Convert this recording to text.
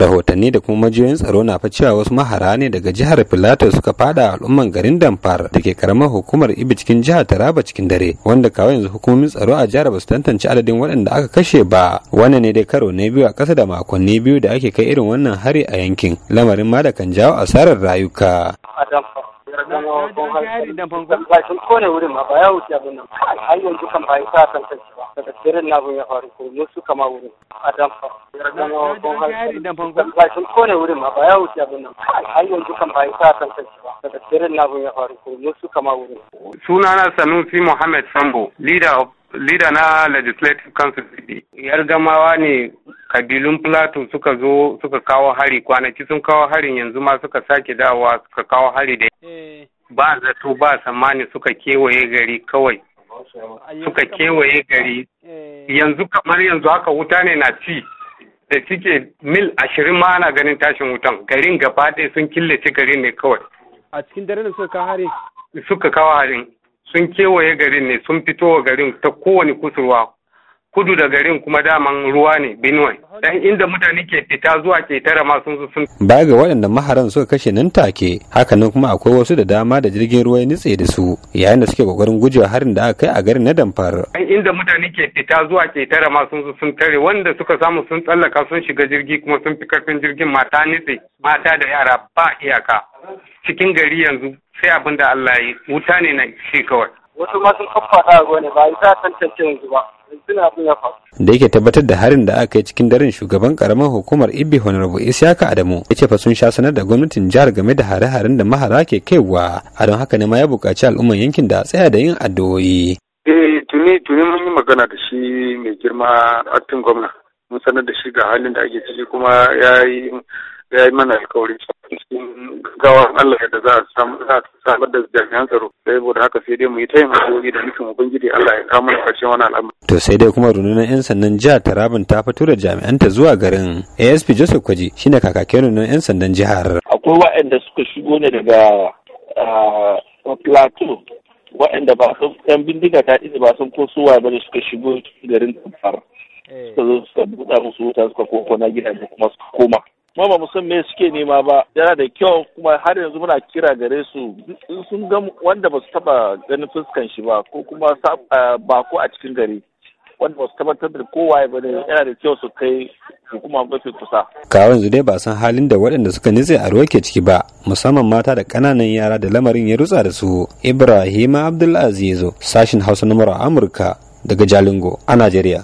rahotanni da kuma majiyoyin tsaro na fa cewa wasu mahara ne daga jihar filato suka fada al'umman garin damfar da ke karamar hukumar ibi cikin jihar taraba cikin dare wanda kawo yanzu hukumomin tsaro a jihar ba su tantance adadin waɗanda aka kashe ba wannan ne dai karo na biyu a ƙasa da makonni biyu da ake kai irin wannan hari a yankin lamarin ma da kan jawo asarar rayuka zama sun kone wurin ma ba ya wuce ba na ya faru a ya ba ya wuce abin ba daga na ya faru ko kama wurin. sunana sanusi muhammad sambo leader na legislative council yar gamawa ne kabilun plateau suka zo suka kawo hari kwanaki sun kawo harin yanzu ma suka sake dawowa suka kawo hari da ba zato ba tsammani suka kewaye gari kawai suka kewaye gari eh. yanzu kamar yanzu haka wuta ne na ci da suke mil ashirin ma ana ganin tashin wutan garin gaba ɗaya sun killace garin ne kawai a cikin dare ne suka kawo hari suka kawo harin sun kewaye garin ne sun fito wa garin ta kowane kusurwa kudu da garin kuma daman ruwa ne Benue dan inda mutane ke fita zuwa ke tara ma sun baya ga waɗanda maharan suka kashe nan take hakanan kuma akwai wasu da dama da jirgin ruwa ya nitse da su yayin da suke kokarin gujewa harin da aka kai a garin na Damfar dan inda mutane ke fita zuwa ke tara ma sun tare wanda suka samu sun tsallaka sun shiga jirgi kuma sun fi karfin jirgin mata nitse mata da yara ba iyaka cikin gari yanzu sai abin da Allah ya yi wuta ne na shi kawai wasu ma sun faffaɗa a ne ba yi sa tantance yanzu ba da yake tabbatar da harin da aka yi cikin daren shugaban karamar hukumar ibi honorable isiaka adamu ya ce fa sun sha sanar da gwamnatin jihar game da hare-haren da mahara ke kaiwa a don haka ne ma ya buƙaci al'umman yankin da tsaya da yin addu'o'i eh tuni tuni mun yi magana da shi mai girma aktin gwamna mun sanar da shi ga halin da ake ciki kuma ya yi mana alkawari gaggawa Allah yadda za a samar da jami'an tsaro saboda haka sai dai mu yi tayin hakuri da nufin ubangiji Allah ya kawo mana ƙarshen wani al'amari. To sai dai kuma rundunar 'yan sandan jihar Taraban ta fito da jami'anta zuwa garin ASP Joseph Kwaji shine kakakin rundunar 'yan sandan jihar. Akwai wa'anda suka shigo ne daga plateau wa'anda ba su yan bindiga ta ɗi ba sun ko suwa ba da suka shigo garin tamfar eh. suka zo suka buɗa musu wuta suka koko na da kuma suka koma kuma ba musan me suke nema ba yana da kyau kuma har yanzu muna kira gare su in sun ga wanda ba su taba ganin fuskan shi ba ko kuma ba ko a cikin gari wanda ba su tabbatar da kowa ba ne yana da kyau su kai hukuma mafi kusa. kawai yanzu dai ba san halin da waɗanda suka nitse a ruwa ke ciki ba musamman mata da ƙananan yara da lamarin ya rutsa da su. Ibrahim Abdulaziz sashin Hausa na Amurka daga Jalingo a Najeriya.